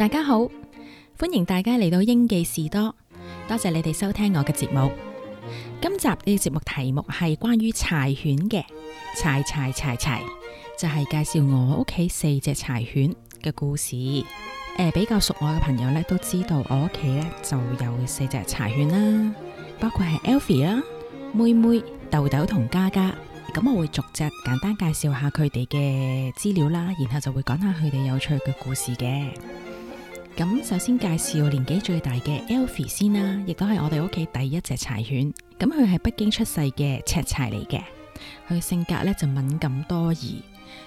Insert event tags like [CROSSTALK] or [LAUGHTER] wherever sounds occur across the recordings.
大家好，歡迎大家嚟到英記士多，多謝你哋收聽我嘅節目。今集呢節目題目係關於柴犬嘅，柴柴柴柴柴，就係、是、介紹我屋企四隻柴犬嘅故事。呃，比較熟我嘅朋友咧都知道我屋企咧就有四隻柴犬啦，包括係 Alfie 啦、妹妹豆豆同嘉嘉。咁我會逐隻簡單介紹下佢哋嘅資料啦，然後就會講下佢哋有趣嘅故事嘅。咁首先介紹年紀最大嘅 Alfie 先啦，亦都係我哋屋企第一隻柴犬。咁佢係北京出世嘅赤柴嚟嘅，佢性格咧就敏感多疑，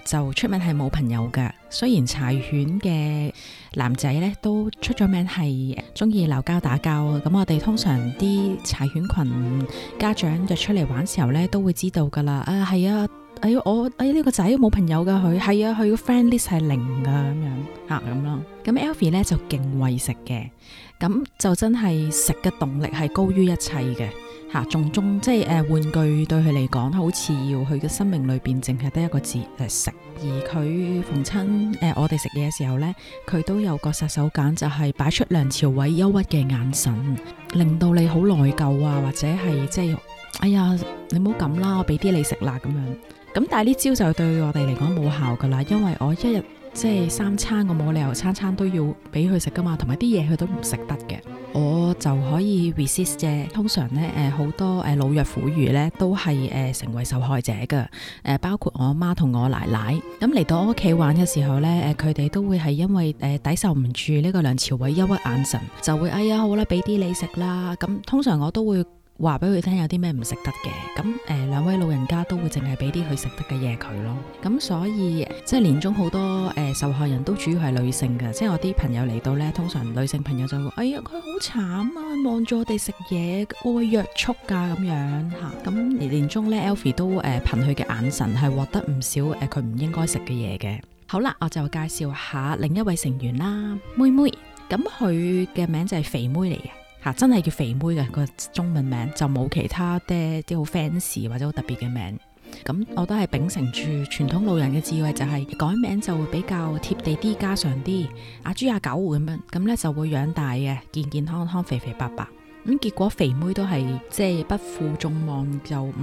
就出名係冇朋友噶。雖然柴犬嘅男仔咧都出咗名係中意鬧交打交，咁我哋通常啲柴犬群家長就出嚟玩時候咧都會知道噶啦。啊，係啊。哎呀，我哎呀，呢、這個仔冇朋友噶，佢係啊，佢個 friend list 係零噶咁樣吓，咁咯、嗯。咁 Alfie 咧就勁餵食嘅，咁就真係食嘅動力係高於一切嘅吓，仲、啊、中即係誒、呃、玩具對佢嚟講好次要，佢嘅生命裏邊淨係得一個字就食、呃。而佢逢親誒我哋食嘢嘅時候咧，佢都有個殺手鐧就係、是、擺出梁朝偉憂鬱嘅眼神，令到你好內疚啊，或者係即係哎呀你唔好咁啦，我俾啲你食啦咁樣。咁但係呢招就對我哋嚟講冇效噶啦，因為我一日即係三餐，我冇理由餐餐都要俾佢食噶嘛，同埋啲嘢佢都唔食得嘅，我就可以 resist 啫。通常、呃、呢，誒好多誒老弱婦孺呢都係誒、呃、成為受害者噶，誒、呃、包括我媽同我奶奶。咁、嗯、嚟到我屋企玩嘅時候呢，誒佢哋都會係因為誒、呃、抵受唔住呢個梁朝偉憂鬱眼神，就會哎呀好啦，俾啲你食啦。咁、嗯、通常我都會。話俾佢聽有啲咩唔食得嘅，咁誒、呃、兩位老人家都會淨係俾啲佢食得嘅嘢佢咯。咁所以即係年中好多誒、呃、受害人都主要係女性嘅，即係我啲朋友嚟到呢，通常女性朋友就會：哎呀，佢好慘啊，望住我哋食嘢，會唔會約束㗎咁樣嚇？咁年年中呢 Alfie 都誒、呃、憑佢嘅眼神係獲得唔少誒佢唔應該食嘅嘢嘅。好啦，我就介紹下另一位成員啦，妹妹，咁佢嘅名就係肥妹嚟嘅。啊、真係叫肥妹嘅，個中文名就冇其他啲啲好 fancy 或者好特別嘅名，咁我都係秉承住傳統老人嘅智慧、就係，就係改名就會比較貼地啲、家常啲。阿、啊、豬阿、啊、狗咁樣，咁咧就會養大嘅，健健康康、肥肥白白。咁結果肥妹都係即係不負眾望，就唔誒、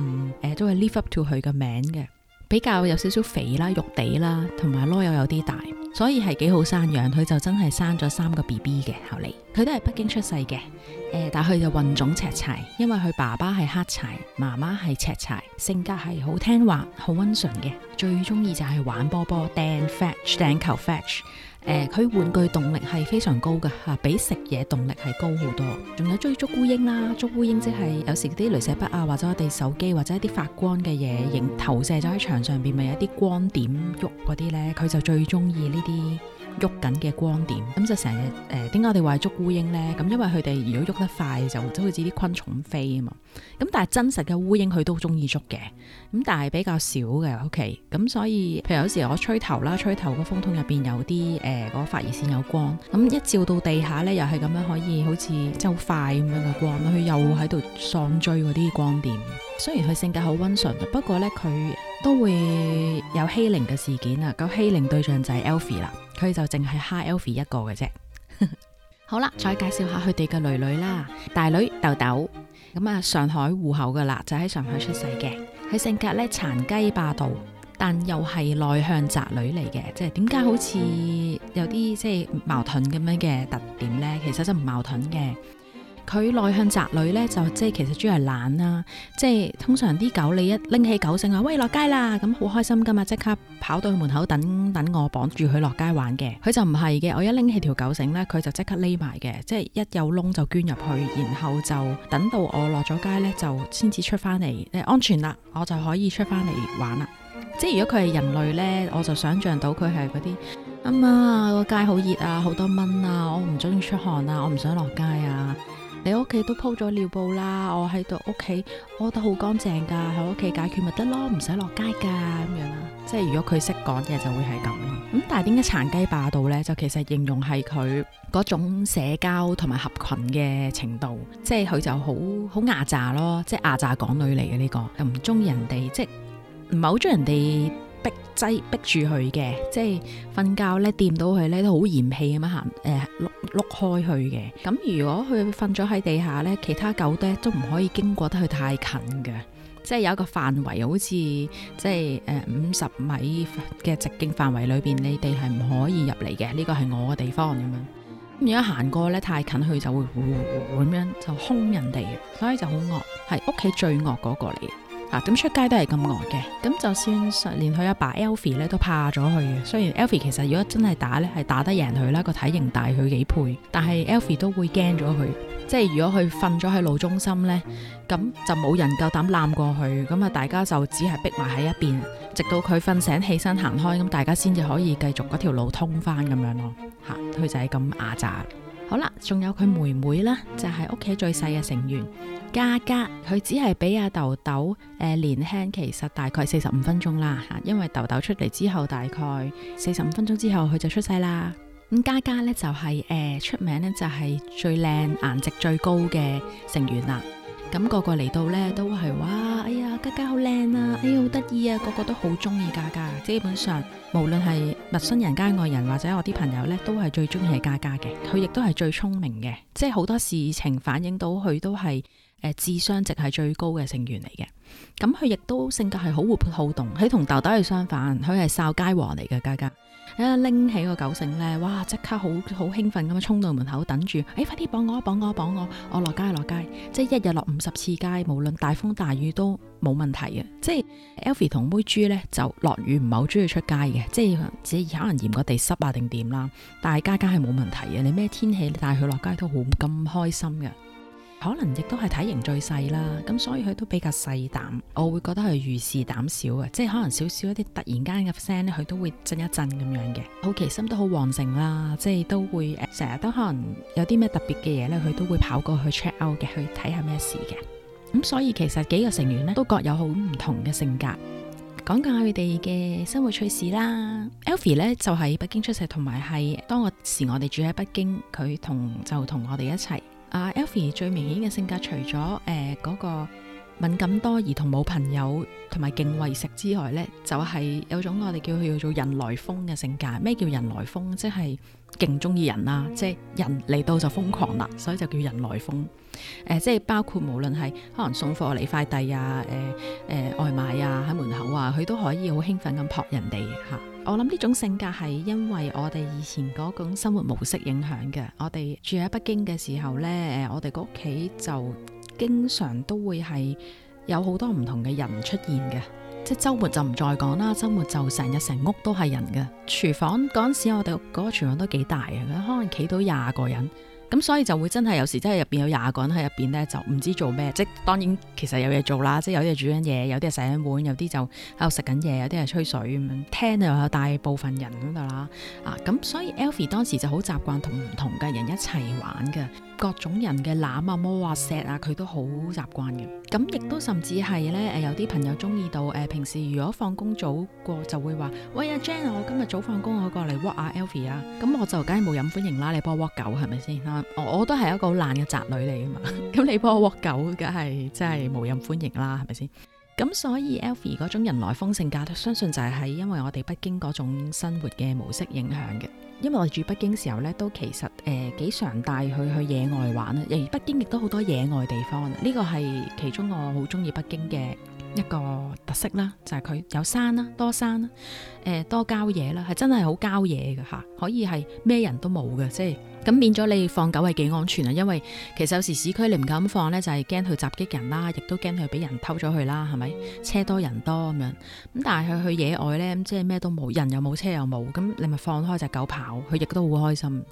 呃、都係 live up to 佢嘅名嘅。比較有少少肥啦，肉地啦，同埋囉柚有啲大，所以係幾好生養。佢就真係生咗三個 BB 嘅。後嚟，佢都係北京出世嘅，呃。但係佢就混種赤柴，因為佢爸爸係黑柴，媽媽係赤柴，性格係好聽話，好温順嘅，最中意就係玩波波掟 fetch 掟球 fetch。擲球擲誒，佢、呃、玩具動力係非常高嘅吓，比食嘢動力係高好多。仲有追捉烏蠅啦，捉烏蠅即係有時啲鐳射筆啊，或者我哋手機或者一啲發光嘅嘢，影投射咗喺牆上邊，咪有啲光點喐嗰啲咧，佢就最中意呢啲。喐緊嘅光點，咁就成日誒點解我哋話捉烏蠅呢？咁因為佢哋如果喐得快，就即好似啲昆蟲飛啊嘛。咁但係真實嘅烏蠅佢都中意捉嘅，咁但係比較少嘅 OK。咁所以譬如有時我吹頭啦，吹頭個風筒入邊有啲誒嗰發熱線有光，咁一照到地下呢，又係咁樣可以好似即係好快咁樣嘅光，佢又喺度喪追嗰啲光點。雖然佢性格好温順，不過呢，佢都會有欺凌嘅事件啊。個欺凌對象就係 Alfie 啦。佢就淨係 Hi Alfie 一個嘅啫，好啦，再介紹下佢哋嘅女女啦，大女豆豆咁啊，上海戶口噶啦，就喺上海出世嘅，佢性格咧殘雞霸道，但又係內向宅女嚟嘅，即係點解好似有啲即係矛盾咁樣嘅特點呢？其實就唔矛盾嘅。佢內向宅女呢，就即係其實主要係懶啦、啊。即係通常啲狗，你一拎起狗繩啊，喂落街啦，咁好開心噶嘛，即刻跑到去門口等等我綁住佢落街玩嘅。佢就唔係嘅，我一拎起條狗繩呢，佢就即刻匿埋嘅，即係一有窿就捐入去，然後就等到我落咗街呢，就先至出翻嚟安全啦，我就可以出翻嚟玩啦。即係如果佢係人類呢，我就想象到佢係嗰啲啊媽啊，媽個街好熱啊，好多蚊啊，我唔中意出汗啊，我唔想落街啊。你屋企都鋪咗尿布啦，我喺度屋企屙得好乾淨㗎，喺屋企解決咪得咯，唔使落街㗎咁樣啦。即係如果佢識講嘢，就會係咁咯。咁但係點解殘雞霸道咧？就其實形容係佢嗰種社交同埋合群嘅程度，即係佢就好好壓榨咯，即係壓榨港女嚟嘅呢個，又唔中意人哋，即係唔係好中意人哋。擠逼住佢嘅，即係瞓覺咧，掂到佢咧都好嫌棄咁樣行，誒碌碌開去嘅。咁如果佢瞓咗喺地下咧，其他狗咧都唔可以經過得佢太近嘅，即係有一個範圍，好似即係誒五十米嘅直徑範圍裏邊，你哋係唔可以入嚟嘅。呢、呢個係我嘅地方咁樣。咁如果行過咧太近，佢就會咁、呃呃呃、樣就兇人哋，所以就好惡，係屋企最惡嗰個嚟。嗱、啊嗯，出街都係咁呆嘅，咁就算連佢阿爸 Alfie 咧都怕咗佢嘅。雖然 Alfie 其實如果真係打咧係打得贏佢啦，個體型大佢幾倍，但係 Alfie 都會驚咗佢，即係如果佢瞓咗喺路中心呢，咁就冇人夠膽攬過去，咁啊大家就只係逼埋喺一邊，直到佢瞓醒起身行開，咁、嗯、大家先至可以繼續嗰條路通翻咁樣咯。吓、啊，佢就係咁牙渣。好啦，仲有佢妹妹啦，就係屋企最細嘅成員，嘉嘉。佢只係比阿豆豆誒、呃、年輕，其實大概四十五分鐘啦吓，因為豆豆出嚟之後，大概四十五分鐘之後佢就出世啦。咁嘉嘉呢，就係、是、誒、呃、出名呢就係最靚、顏值最高嘅成員啦。咁個個嚟到呢，都係哇，哎呀，佳佳好靚啊，哎呀好得意啊，個個都好中意佳佳。基本上，無論係陌生人、街外人或者我啲朋友呢，都係最中意係佳佳嘅。佢亦都係最聰明嘅，即係好多事情反映到佢都係、呃、智商值係最高嘅成員嚟嘅。咁佢亦都性格係好活潑好動，佢同豆豆係相反，佢係掃街王嚟嘅佳佳。家家啊！拎起個狗繩咧，哇！即刻好好興奮咁樣衝到門口等住，哎！快啲綁我，綁我，綁我！我落街落街，即係一日落五十次街，無論大風大雨都冇問題嘅。即係 Alfie 同妹豬咧就落雨唔係好中意出街嘅，即係只有可能嫌個地濕啊定點啦。但係家家係冇問題嘅，你咩天氣你帶佢落街都好咁開心嘅。可能亦都係體型最細啦，咁所以佢都比較細膽，我會覺得佢如是膽小嘅，即係可能少少一啲突然間嘅聲咧，佢都會震一震咁樣嘅。好奇心都好旺盛啦，即係都會成日、呃、都可能有啲咩特別嘅嘢咧，佢都會跑過去 check out 嘅，去睇下咩事嘅。咁、嗯、所以其實幾個成員呢，都各有好唔同嘅性格。講講佢哋嘅生活趣事啦，Alfie 呢，就喺、是、北京出世，同埋係當我時我哋住喺北京，佢同就同我哋一齊。阿、uh, Alfie 最明顯嘅性格，除咗誒嗰個敏感多兒童，而同冇朋友，同埋勁喂食之外呢就係、是、有種我哋叫佢叫做人來瘋嘅性格。咩叫人來瘋？即係勁中意人啊，即係人嚟到就瘋狂啦，所以就叫人來瘋。誒、呃，即係包括無論係可能送貨嚟快遞啊，誒、呃、誒、呃、外賣啊，喺門口啊，佢都可以好興奮咁撲人哋吓。我諗呢種性格係因為我哋以前嗰種生活模式影響嘅。我哋住喺北京嘅時候呢，誒，我哋個屋企就經常都會係有好多唔同嘅人出現嘅。即係周末就唔再講啦，周末就成日成屋都係人嘅。廚房嗰陣時我哋嗰個廚房都幾大嘅，可能企到廿個人。咁所以就會真係有時真係入邊有廿個人喺入邊咧，就唔知做咩。即係當然其實有嘢做啦，即係有啲係煮緊嘢，有啲洗緊碗，有啲就喺度食緊嘢，有啲係吹水。咁聽又有大部分人嗰度啦。啊，咁所以 Alfie 當時就好習慣同唔同嘅人一齊玩嘅。各種人嘅攬啊、摸啊、錫啊，佢都好習慣嘅。咁亦都甚至係咧，誒、呃、有啲朋友中意到，誒、呃、平時如果放工早過，就會話，喂啊 Jen 我今日早放工，啊啊，我過嚟握下 Alfie 啦。咁我就梗係冇咁歡迎啦，你幫我握狗係咪先？我我都係一個好懶嘅宅女嚟啊嘛。咁 [LAUGHS] 你幫我握狗，梗係真係冇咁歡迎啦，係咪先？咁所以 Alfie 嗰種人來風性格，相信就係喺因為我哋北京嗰種生活嘅模式影響嘅。因為我住北京時候呢，都其實誒幾常帶佢去野外玩啊，而北京亦都好多野外地方，呢個係其中我好鍾意北京嘅一個特色啦，就係、是、佢有山啦，多山啦，誒、呃，多郊野啦，係真係好郊野嘅吓、啊，可以係咩人都冇嘅，即係咁變咗你放狗係幾安全啊，因為其實有時市區你唔敢放呢，就係驚佢襲擊人啦，亦都驚佢俾人偷咗去啦，係咪？車多人多咁樣，咁但係佢去野外呢，即係咩都冇，人又冇，車又冇，咁你咪放開隻狗跑，佢亦都好開心。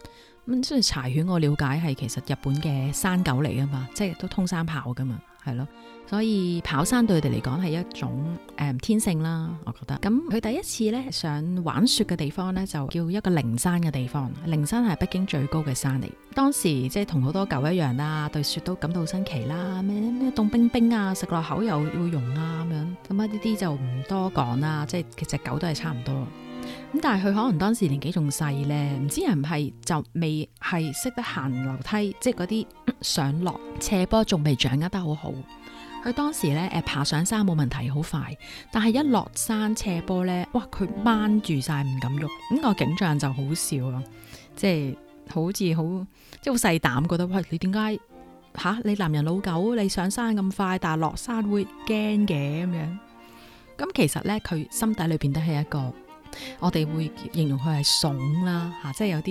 咁所以柴犬我了解係其實日本嘅山狗嚟噶嘛，即、就、係、是、都通山跑噶嘛。係咯，所以跑山對佢哋嚟講係一種誒、嗯、天性啦，我覺得。咁佢第一次咧想玩雪嘅地方咧，就叫一個靈山嘅地方。靈山係北京最高嘅山嚟。當時即係同好多狗一樣啦，對雪都感到新奇啦，咩咩凍冰冰啊，食落口又會融啊咁樣。咁呢啲就唔多講啦，即係其實狗都係差唔多。咁但係佢可能當時年紀仲細咧，唔知係唔係就未係識得行樓梯，即係嗰啲上落斜坡，仲未掌握得好好。佢當時咧誒，爬上山冇問題，好快，但係一落山斜坡咧，哇！佢掹住晒唔敢喐，咁個景象，就好笑啊，即係好似好即係好細膽，覺得喂，你點解吓，你男人老狗，你上山咁快，但係落山會驚嘅咁樣咁？其實咧，佢心底裏邊都係一個。我哋會形容佢係慫啦，吓，即係有啲，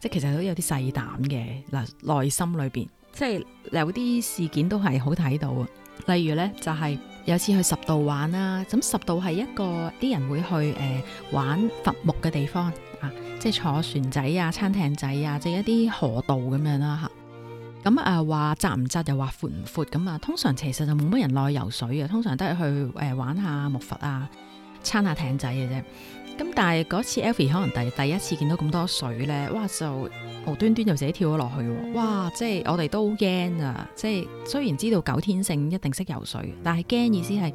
即係其實都有啲細膽嘅嗱。內心裏面，即係有啲事件都係好睇到啊。例如咧，就係、是、有次去十度玩啦。咁十度係一個啲人會去誒、呃、玩伐木嘅地方啊，即係坐船仔啊、撐艇仔啊，即係一啲河道咁樣啦吓。咁誒話窄唔窄又話闊唔闊咁啊？通常其實就冇乜人內游水嘅、啊，通常都係去誒、呃、玩下木筏啊、撐下艇仔嘅啫。咁但係嗰次 Alfie 可能第第一次見到咁多水呢，哇，就無端端就自己跳咗落去喎！哇，即係我哋都驚啊！即係雖然知道狗天性一定識游水，但係驚意思係，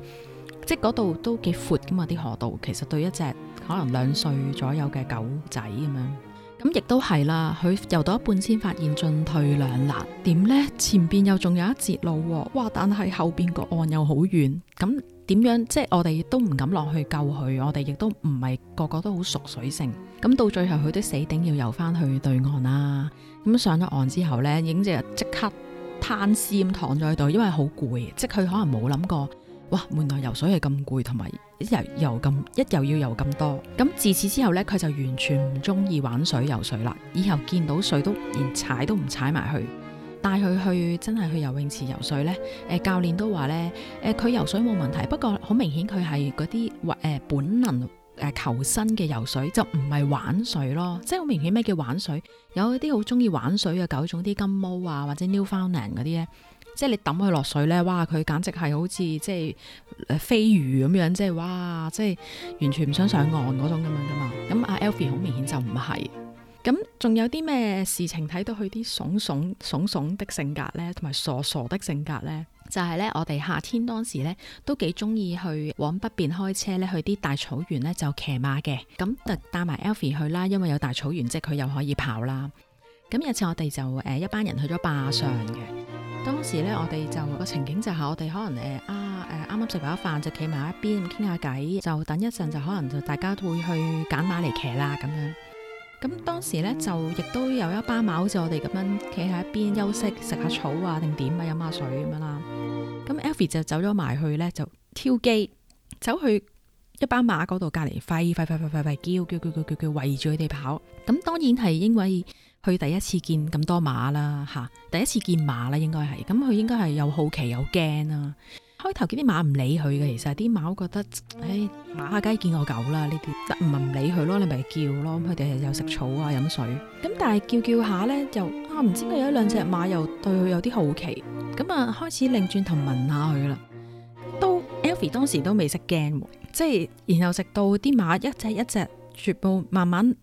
即係嗰度都幾闊噶嘛啲河道，其實對一隻可能兩歲左右嘅狗仔咁樣。咁亦都係啦，佢游到一半先發現進退兩難，點呢？前邊又仲有一截路，哇！但係後邊個岸又好遠，咁點樣？即係我哋亦都唔敢落去救佢，我哋亦都唔係個個都好熟水性，咁到最後佢都死頂要游翻去對岸啦。咁上咗岸之後呢，影姐即刻攤屍咁躺咗喺度，因為好攰，即係佢可能冇諗過。哇！原來游水係咁攰，同埋一游咁一游要游咁多，咁自此之後呢，佢就完全唔中意玩水游水啦。以後見到水都連踩都唔踩埋去。帶佢去真係去游泳池游水呢。誒、呃、教練都話呢，誒、呃、佢游水冇問題，不過好明顯佢係嗰啲誒本能誒求生嘅游水，就唔係玩水咯。即係好明顯咩叫玩水？有啲好中意玩水嘅狗種，啲金毛啊，或者 Newfoundland 嗰啲呢。即係你抌佢落水咧，哇！佢簡直係好似即係誒飛魚咁樣，即係哇！即係完全唔想上岸嗰種咁樣噶嘛。咁阿 Alfie 好明顯就唔係。咁仲 [MUSIC] 有啲咩事情睇到佢啲聳聳聳聳的性格呢？同埋傻傻的性格呢？ [MUSIC] 就係呢，我哋夏天當時呢，都幾中意去往北邊開車呢，去啲大草原呢，就騎馬嘅。咁就帶埋 Alfie 去啦，因為有大草原，即係佢又可以跑啦。咁有次我哋就誒一班人去咗壩上嘅。當時呢，我哋就個情景就係我哋可能誒啊誒，啱啱食飽飯就企埋一邊，咁傾下偈，就等一陣就可能就大家會去揀馬嚟騎啦咁樣。咁當時呢，就亦都有一班馬好似我哋咁樣企喺一邊休息，食下草啊，定點啊，飲下水咁樣啦。咁 Alfie 就走咗埋去呢，就挑機走去一班馬嗰度隔籬，吠吠吠吠吠叫叫叫叫叫叫，圍住佢哋跑。咁當然係因為。佢第一次見咁多馬啦，吓、啊，第一次見馬啦，應該係咁，佢應該係又好奇又驚啦。開頭見啲馬唔理佢嘅，其實啲馬覺得，唉，馬下梗係見過狗啦呢啲，唔係唔理佢咯，你咪叫咯。佢哋又食草啊，飲水。咁但係叫叫下呢，又啊，唔知點解有一兩隻馬又對佢有啲好奇。咁啊，開始擰轉頭聞下佢啦。都，Alfie 當時都未識驚，即係然後直到啲馬一隻一隻，一隻一隻全部慢慢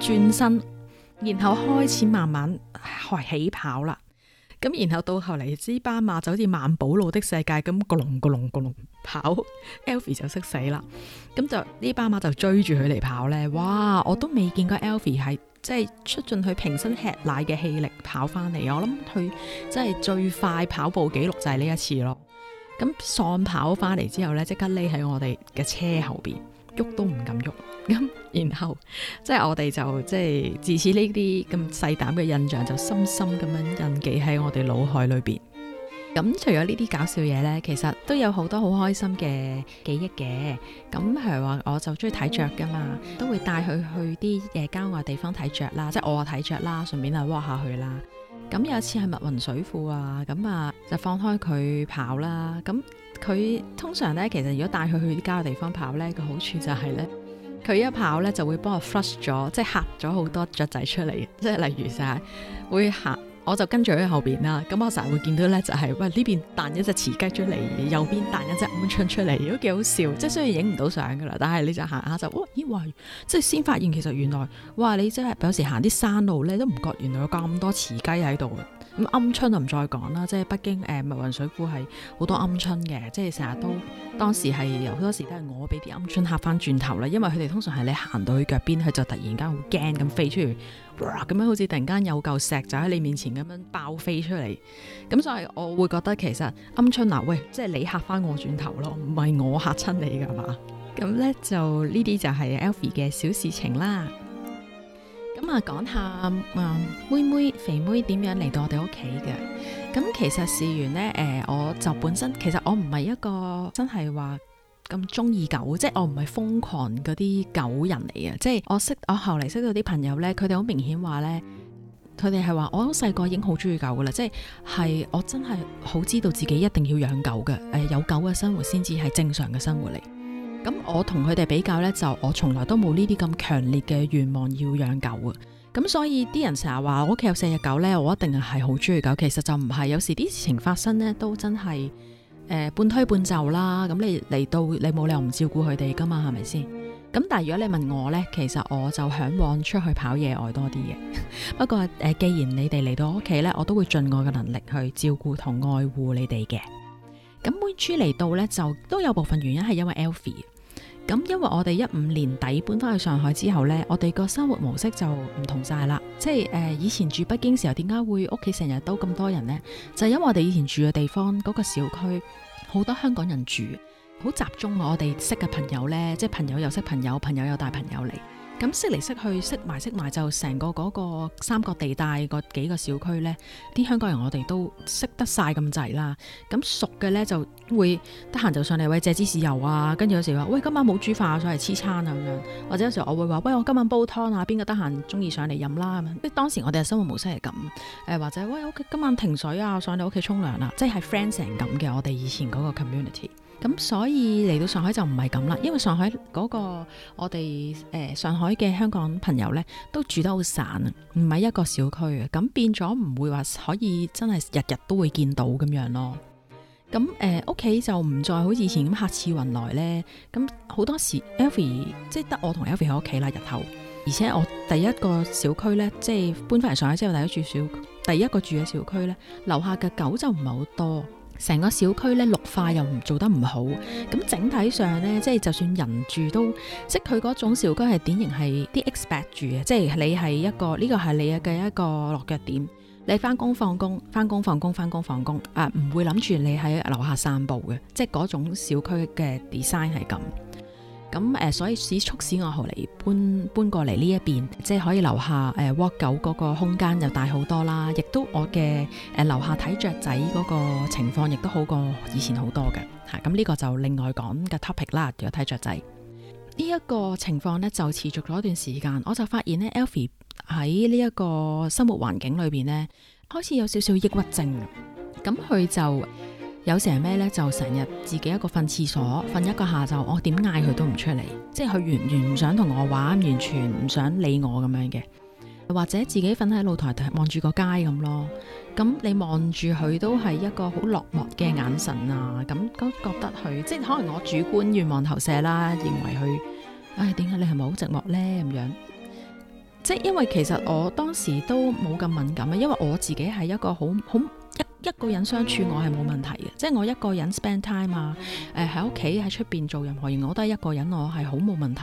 轉身。然後開始慢慢開起跑啦，咁然後到後嚟，啲斑馬就好似萬寶路的世界咁，個龍個龍個龍跑 Alfie [LAUGHS] 就識死啦，咁就呢斑馬就追住佢嚟跑咧，哇！我都未見過 Alfie 係即係、就是、出盡佢平身吃奶嘅氣力跑翻嚟，我諗佢真係最快跑步紀錄就係呢一次咯。咁喪跑翻嚟之後咧，即刻匿喺我哋嘅車後邊。喐都唔敢喐，咁然後即係我哋就即係自此呢啲咁細膽嘅印象就深深咁樣印記喺我哋腦海裏邊。咁 [NOISE] 除咗呢啲搞笑嘢呢，其實都有好多好開心嘅記憶嘅。咁譬如話，我就中意睇雀噶嘛，都會帶佢去啲夜郊外地方睇雀啦，即係我睇雀啦，順便就挖下佢啦。咁有一次喺密雲水庫啊，咁啊就放開佢跑啦，咁。佢通常咧，其實如果帶佢去啲郊嘅地方跑咧，個好處就係咧，佢一跑咧就會幫我 flush 咗，即係嚇咗好多雀仔出嚟。即係例如就係會行，我就跟住喺後邊啦。咁我成日會見到咧，就係、是、喂呢邊彈一隻雌雞出嚟，右邊彈一隻鵪鶉出嚟，都幾好笑。即係雖然影唔到相噶啦，但係你就行下就、哦，哇！咦？喂，即係先發現其實原來哇，你真係有時行啲山路咧都唔覺原來有咁多雌雞喺度。咁鵪鶉就唔再講啦，即係北京誒、密雲水庫係好多鵪鶉嘅。即係成日都當時係有好多時都係我俾啲鵪鶉嚇翻轉頭啦，因為佢哋通常係你行到去腳邊，佢就突然間好驚咁飛出去，哇咁樣好似突然間有嚿石就喺你面前咁樣爆飛出嚟，咁所以我會覺得其實鵪鶉嗱，啊，喂，即係你嚇翻我轉頭咯，唔係我嚇親你噶嘛，咁咧就呢啲就係 Alfie 嘅小事情啦。咁啊，講下啊、嗯，妹妹肥妹點樣嚟到我哋屋企嘅？咁、嗯、其實事緣呢，誒、呃，我就本身其實我唔係一個真係話咁中意狗，即係我唔係瘋狂嗰啲狗人嚟啊！即係我識我後嚟識到啲朋友呢，佢哋好明顯話呢，佢哋係話我好細個已經好中意狗噶啦，即係係我真係好知道自己一定要養狗嘅，誒、呃，有狗嘅生活先至係正常嘅生活嚟。咁我同佢哋比較呢，就我從來都冇呢啲咁強烈嘅願望要養狗啊。咁所以啲人成日話我屋企有四隻狗呢，我一定係好中意狗。其實就唔係，有時啲事情發生呢，都真係、呃、半推半就啦。咁你嚟到你冇理由唔照顧佢哋噶嘛，係咪先？咁但係如果你問我呢，其實我就向往出去跑野外多啲嘅。 [LAUGHS] 不過、呃、既然你哋嚟到屋企呢，我都會盡我嘅能力去照顧同愛護你哋嘅。咁妹豬嚟到呢，就都有部分原因係因為 Alfie 咁因為我哋一五年底搬翻去上海之後呢，我哋個生活模式就唔同晒啦。即係誒、呃，以前住北京時候，點解會屋企成日都咁多人呢？就係、是、因為我哋以前住嘅地方嗰、那個小區好多香港人住，好集中。我哋識嘅朋友呢，即係朋友又識朋友，朋友又帶朋友嚟。咁識嚟識去，識埋識埋就成個嗰個三角地帶嗰幾個小區，呢啲香港人我哋都識得晒咁滯啦。咁熟嘅呢就會得閒就上嚟喂，借芝士油啊，跟住有時話喂，今晚冇煮飯啊，上嚟黐餐啊咁樣。或者有時我會話喂，我今晚煲湯啊，邊個得閒鍾意上嚟飲啦咁樣。即當時我哋嘅生活模式係咁，誒、呃、或者喂，屋企今晚停水啊，上嚟屋企沖涼啊。即係 friend 成咁嘅我哋以前嗰個 community。咁所以嚟到上海就唔係咁啦，因為上海嗰個我哋誒上海嘅香港朋友呢，都住得好散，唔係一個小區啊，咁變咗唔會話可以真係日日都會見到咁樣咯。咁誒屋企就唔再好似以前咁客似雲來呢。咁好多時，Alfie 即係得我同 Alfie 喺屋企啦。日後，而且我第一個小區呢，即係搬翻嚟上海之後第一個住小，第一個住嘅小區呢，樓下嘅狗就唔係好多。成個小區咧，綠化又唔做得唔好，咁整體上呢，即係就算人住都，即係佢嗰種小區係典型係啲 expect 住嘅，即係你係一個呢個係你嘅一個落腳點，你翻工放工翻工放工翻工放工啊，唔會諗住你喺樓下散步嘅，即係嗰種小區嘅 design 係咁。咁誒、呃，所以使促使我後嚟搬搬過嚟呢一邊，即係可以留下誒窩、呃、狗嗰個空間又大好多啦。亦都我嘅誒樓下睇雀仔嗰個情況，亦都好過以前好多嘅嚇。咁、啊、呢、這個就另外講嘅 topic 啦。有睇雀仔呢一、這個情況呢，就持續咗一段時間。我就發現呢 Alfie 喺呢一個生活環境裏邊呢，開始有少少抑鬱症。咁佢就。有時係咩呢？就成日自己一個瞓廁所，瞓一個下晝，我點嗌佢都唔出嚟，即係佢完全唔想同我玩，完全唔想理我咁樣嘅，或者自己瞓喺露台望住個街咁咯。咁你望住佢都係一個好落寞嘅眼神啊！咁都覺得佢，即係可能我主觀願望投射啦，認為佢，唉，點解你係咪好寂寞呢？咁樣，即係因為其實我當時都冇咁敏感啊，因為我自己係一個好好。一個人相處我係冇問題嘅，即係我一個人 spend time 啊、呃，誒喺屋企喺出邊做任何嘢，我都係一個人，我係好冇問題。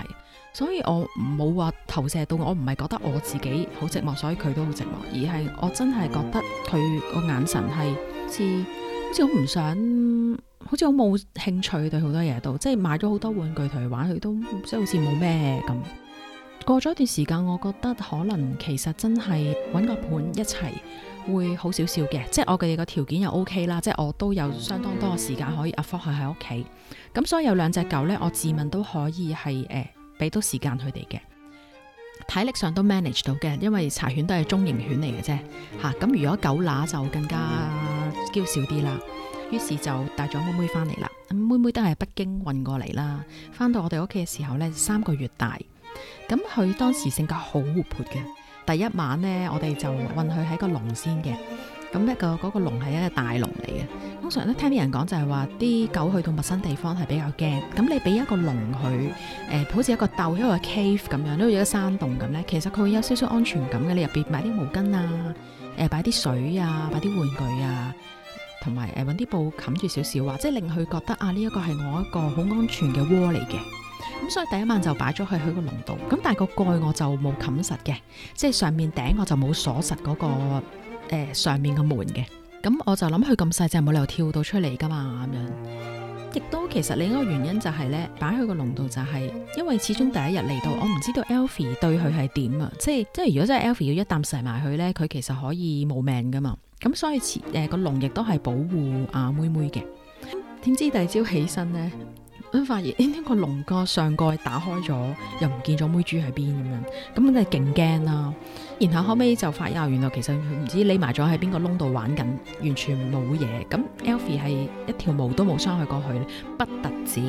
所以我冇話投射到，我唔係覺得我自己好寂寞，所以佢都好寂寞，而係我真係覺得佢個眼神係好似好似好唔想，好似好冇興趣對好多嘢都，即係買咗好多玩具同佢玩，佢都即係好似冇咩咁。過咗一段時間，我覺得可能其實真係揾個伴一齊會好少少嘅，即係我哋個條件又 OK 啦，即係我都有相當多時間可以 afford 翻佢喺屋企，咁所以有兩隻狗呢，我自問都可以係誒，俾、呃、到時間佢哋嘅體力上都 manage 到嘅，因為柴犬都係中型犬嚟嘅啫，吓、啊、咁如果狗乸就更加嬌小啲啦，於是就帶咗妹妹翻嚟啦，妹妹都係北京運過嚟啦，翻到我哋屋企嘅時候呢，三個月大，咁佢當時性格好活潑嘅。第一晚呢，我哋就運佢喺個籠先嘅。咁、那、一個嗰、那個籠係一個大籠嚟嘅。通常咧，聽啲人講就係話啲狗去到陌生地方係比較驚。咁你俾一個籠佢，誒、呃、好似一個竇喺個 cave 咁樣，喺度有個山洞咁呢。其實佢會有少少安全感嘅。你入邊擺啲毛巾啊，誒、呃、擺啲水啊，擺啲玩具啊，同埋誒搵啲布冚住少少啊，即係令佢覺得啊，呢一個係我一個好安全嘅窩嚟嘅。咁、嗯、所以第一晚就擺咗佢喺個籠度，咁但係個蓋我就冇冚實嘅，即係上面頂我就冇鎖實嗰個誒、呃、上面嘅門嘅，咁、嗯、我就諗佢咁細隻冇理由跳到出嚟噶嘛咁樣，亦、嗯嗯、都其實另一個原因就係咧擺喺個籠度就係、是、因為始終第一日嚟到我唔知道 Alfie 對佢係點啊，即係即係如果真係 Alfie 要一啖食埋佢咧，佢其實可以冇命噶嘛，咁、嗯、所以似誒個籠亦都係保護阿妹妹嘅，點、嗯、知第二朝起身咧，都發現，呢個窿個上蓋打開咗，又唔見咗妹豬喺邊咁樣，咁真係勁驚啦！然後後尾就發現原來其實佢唔知匿埋咗喺邊個窿度玩緊，完全冇嘢。咁 Alfie 係一條毛都冇傷害過佢，不特止，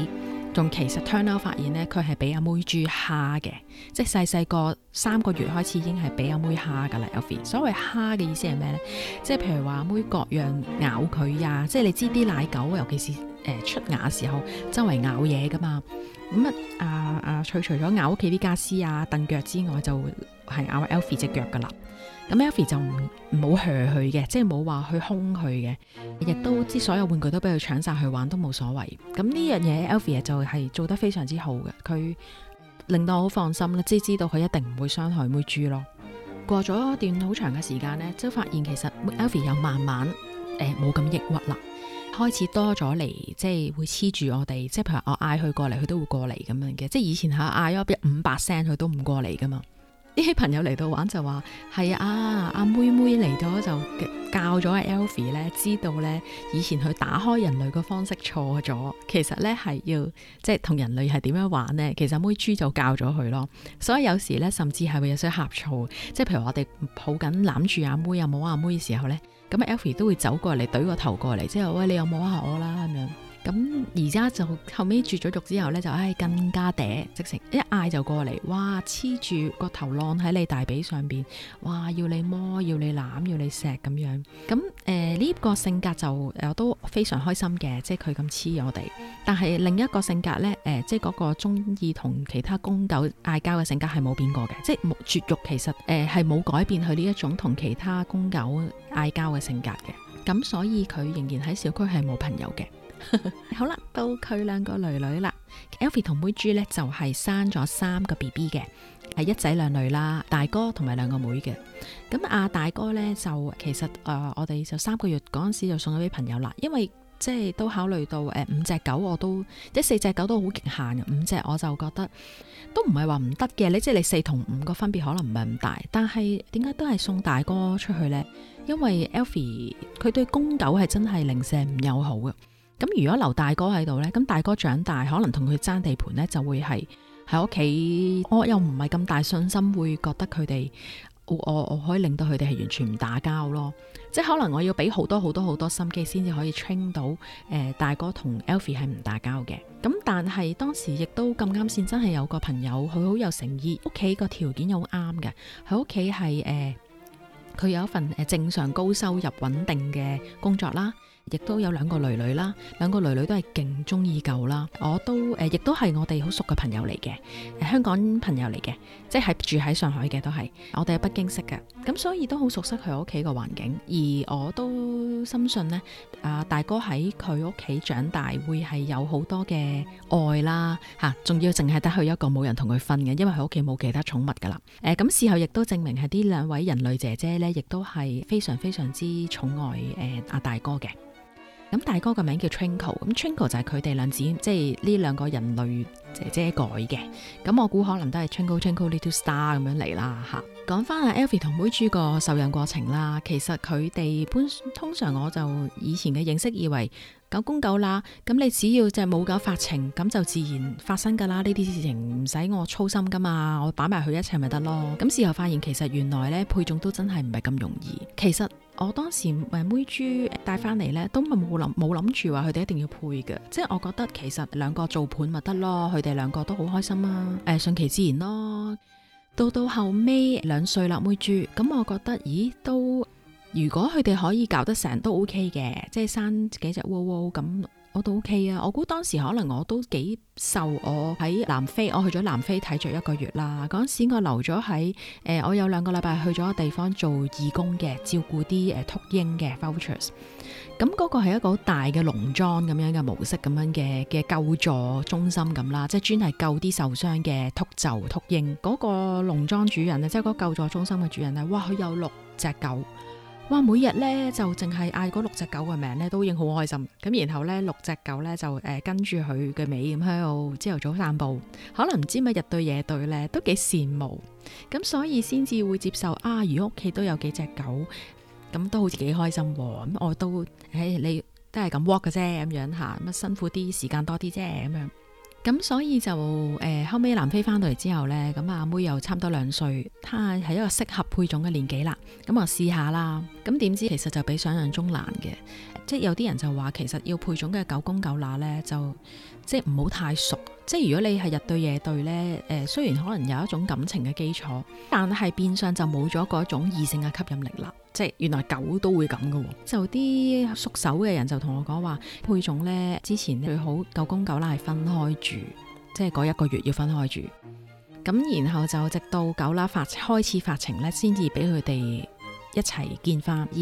仲其實 turn out 發現咧，佢係俾阿妹豬蝦嘅，即係細細個三個月開始已經係俾阿妹蝦㗎啦。Alfie 所謂蝦嘅意思係咩咧？即係譬如話阿妹各樣咬佢啊，即係你知啲奶狗尤其是誒出牙時候周圍咬嘢㗎嘛。咁、嗯、啊啊！去除咗咬屋企啲家私啊、凳啊、腳之外，就係、是、咬 Alfie 隻腳㗎啦。咁 Alfie 就唔好鋤佢嘅，即係冇話去兇佢嘅，亦都即所有玩具都俾佢搶晒去玩都冇所謂。咁呢樣嘢 Alfie 就係做得非常之好嘅，佢令到我好放心啦，知知道佢一定唔會傷害妹豬咯。過咗一段好長嘅時間呢，都發現其實 Alfie 又慢慢誒冇咁抑鬱啦，開始多咗嚟，即係會黐住我哋，即係譬如我嗌佢過嚟，佢都會過嚟咁樣嘅。即係以前係嗌咗一五百聲，佢都唔過嚟噶嘛。啲朋友嚟到玩就話係啊，阿、啊、妹妹嚟咗就教咗阿 Alfie 咧，知道咧以前佢打開人類嘅方式錯咗，其實咧係要即係同人類係點樣玩咧？其實阿妹豬就教咗佢咯，所以有時咧甚至係會有啲呷醋，即係譬如我哋抱緊攬住阿妹摸摸啊摸阿妹嘅時候咧，咁阿 Alfie 都會走過嚟懟個頭過嚟，即係喂，你有冇摸下我啦咁樣。是咁而家就後尾絕咗育之後呢，就唉更加嗲，直成一嗌就過嚟，哇黐住個頭晾喺你大髀上邊，哇要你摸要你攬要你錫咁樣。咁誒呢個性格就又、呃、都非常開心嘅，即係佢咁黐住我哋。但係另一個性格呢，誒、呃、即係嗰個中意同其他公狗嗌交嘅性格係冇變過嘅，即係冇絕育其實誒係冇改變佢呢一種同其他公狗嗌交嘅性格嘅。咁所以佢仍然喺小區係冇朋友嘅。 [LAUGHS] 好啦，到佢兩個女女啦。Alfie 同妹豬呢，就係生咗三個 B B 嘅，係一仔兩女啦，大哥同埋兩個妹嘅。咁阿大哥呢，就其實誒、呃，我哋就三個月嗰陣時就送咗俾朋友啦，因為即係都考慮到誒、呃，五隻狗我都即係四隻狗都好極限嘅，五隻我就覺得都唔係話唔得嘅。你即係你四同五個分別可能唔係咁大，但係點解都係送大哥出去呢？因為 Alfie 佢對公狗係真係零舍唔友好嘅。咁如果留大哥喺度呢，咁大哥長大可能同佢爭地盤呢，就會係喺屋企，我又唔係咁大信心，會覺得佢哋，我我，我可以令到佢哋係完全唔打交咯。即係可能我要俾好多好多好多心機，先至可以 train 到誒、呃、大哥同 Alfie 係唔打交嘅。咁但係當時亦都咁啱先，真係有個朋友，佢好有誠意，屋企個條件又好啱嘅，喺屋企係誒，佢、呃、有一份誒正常高收入穩定嘅工作啦。亦都有兩個女女啦，兩個女女都係勁中意狗啦。我都誒，亦都係我哋好熟嘅朋友嚟嘅，香港朋友嚟嘅，即係住喺上海嘅都係，我哋喺北京識嘅，咁所以都好熟悉佢屋企個環境。而我都深信呢，阿、啊、大哥喺佢屋企長大會係有好多嘅愛啦，吓、啊，仲要淨係得佢一個冇人同佢分嘅，因為佢屋企冇其他寵物噶啦。誒、呃，咁事後亦都證明係啲兩位人類姐姐呢，亦都係非常非常之寵愛誒阿、呃啊、大哥嘅。咁大哥嘅名叫 Twinkle，咁 Twinkle 就係佢哋兩子，即係呢兩個人類姐姐改嘅。咁我估可能都係 Twinkle Twinkle Little Star 咁樣嚟啦吓。講翻阿 Alfie 同妹豬個受孕過程啦，其實佢哋般通常我就以前嘅認識以為狗公狗啦，咁你只要隻母狗發情，咁就自然發生噶啦，呢啲事情唔使我操心噶嘛，我擺埋佢一齊咪得咯。咁事後發現其實原來咧配種都真係唔係咁容易，其實。我當時咪妹豬帶翻嚟呢，都冇諗冇諗住話佢哋一定要配嘅，即係我覺得其實兩個做伴咪得咯，佢哋兩個都好開心啊，誒、呃，順其自然咯。到到後尾兩歲啦，妹豬，咁我覺得，咦，都如果佢哋可以搞得成，都 OK 嘅，即係生幾隻窩窩咁。我都 OK 啊！我估當時可能我都幾受。我喺南非，我去咗南非睇咗一個月啦。嗰陣時我留咗喺誒，我有兩個禮拜去咗個地方做義工嘅，照顧啲誒禿鷹嘅 vultures。咁、啊、嗰、嗯嗰個係一個大嘅農莊咁樣嘅模式，咁樣嘅嘅救助中心咁啦，即係專係救啲受傷嘅禿鷲禿鷹。嗰、嗰個農莊主人呢，即係嗰個救助中心嘅主人呢。哇！佢有六隻狗。哇！每日咧，就淨係嗌嗰六隻狗嘅名咧，都已經好開心。咁然後咧六隻狗咧就誒、呃、跟住佢嘅尾咁喺度朝頭早散步。可能唔知乜日對夜對咧，都幾羨慕。咁所以先至會接受啊。如果屋企都有幾隻狗，咁都好似幾開心喎。咁我都誒、欸，你都係咁 walk 嘅啫，咁樣吓咁辛苦啲，時間多啲啫，咁樣。咁所以就誒、呃、後尾南非翻到嚟之後呢，咁阿妹又差唔多兩歲，睇下係一個適合配種嘅年紀啦。咁我試下啦。咁點知其實就比想象中難嘅，即係有啲人就話其實要配種嘅狗公狗乸呢，就即係唔好太熟。即係如果你係日對夜對呢，誒、呃、雖然可能有一種感情嘅基礎，但係變相就冇咗嗰種異性嘅吸引力啦。即係原來狗都會咁嘅喎，就啲熟手嘅人就同我講話，配種咧之前最好狗公狗乸係分開住，即係嗰一個月要分開住，咁然後就直到狗乸發開始發情咧，先至俾佢哋。一齊見翻，而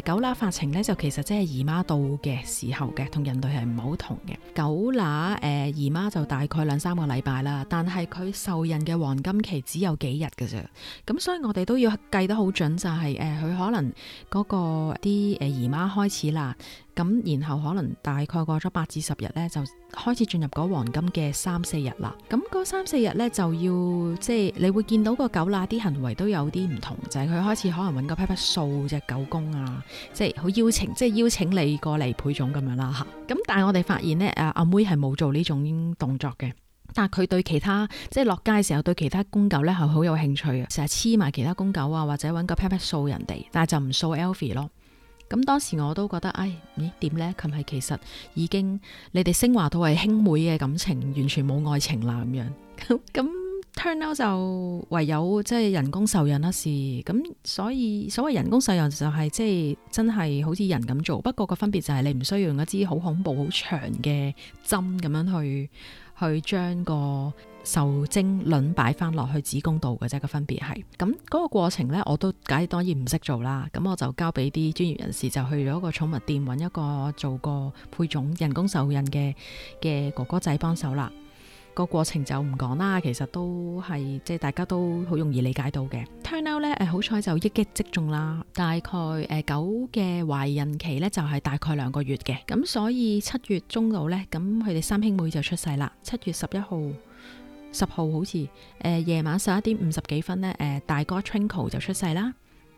誒狗乸發情呢，就其實即係姨媽到嘅時候嘅，同人類係唔好同嘅。狗乸誒姨媽就大概兩三個禮拜啦，但係佢受孕嘅黃金期只有幾日㗎啫。咁 [NOISE] 所以我哋都要計得好準，就係誒佢可能嗰、那個啲誒、呃、姨媽開始啦。咁，然後可能大概過咗八至十日咧，就開始進入嗰黃金嘅三四日啦。咁嗰三四日咧，就要即係、就是、你會見到個狗乸啲行為都有啲唔同，就係、是、佢開始可能揾個 pat pat 掃隻狗公啊，即係好邀請，即、就、係、是、邀請你過嚟配種咁樣啦。咁但係我哋發現咧，誒、啊、阿妹係冇做呢種動作嘅，但係佢對其他即係落街嘅時候對其他公狗咧係好有興趣嘅，成日黐埋其他公狗啊，或者揾個 pat pat 掃人哋，但係就唔掃 Alfie 咯。咁當時我都覺得，唉、哎，咦點呢？佢咪其實已經你哋升華到係兄妹嘅感情，完全冇愛情啦咁樣。咁 [LAUGHS] turn out 就唯有即係人工受孕一事。咁所以所謂人工受孕就係即係真係好似人咁做，不過個分別就係你唔需要用一支好恐怖好長嘅針咁樣去去將個。受精卵擺翻落去子宮度嘅啫，個分別係咁嗰個過程呢，我都梗係當然唔識做啦。咁我就交俾啲專業人士就去咗個寵物店揾一個做過配種人工受孕嘅嘅哥哥仔幫手啦。個過程就唔講啦，其實都係即係大家都好容易理解到嘅。turn out 呢，誒好彩就一擊即中啦。大概誒狗嘅懷孕期呢，就係大概兩個月嘅咁，所以七月中度呢，咁佢哋三兄妹就出世啦。七月十一號。十號好似誒夜晚十一點五十幾分呢，誒、呃、大哥 Trinkle 就出世啦，